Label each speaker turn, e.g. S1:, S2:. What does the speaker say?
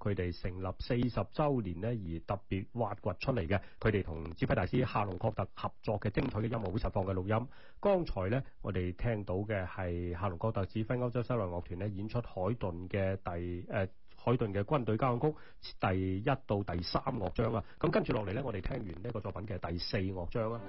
S1: 佢哋成立四十周年呢，而特別挖掘出嚟嘅，佢哋同指揮大師夏隆確特合作嘅精彩嘅音樂會實況嘅錄音。剛才呢，我哋聽到嘅係夏隆確特指揮歐洲室內樂團呢演出海頓嘅第誒海頓嘅軍隊交響曲第一到第三樂章啊。咁跟住落嚟呢，我哋聽完呢個作品嘅第四樂章啊。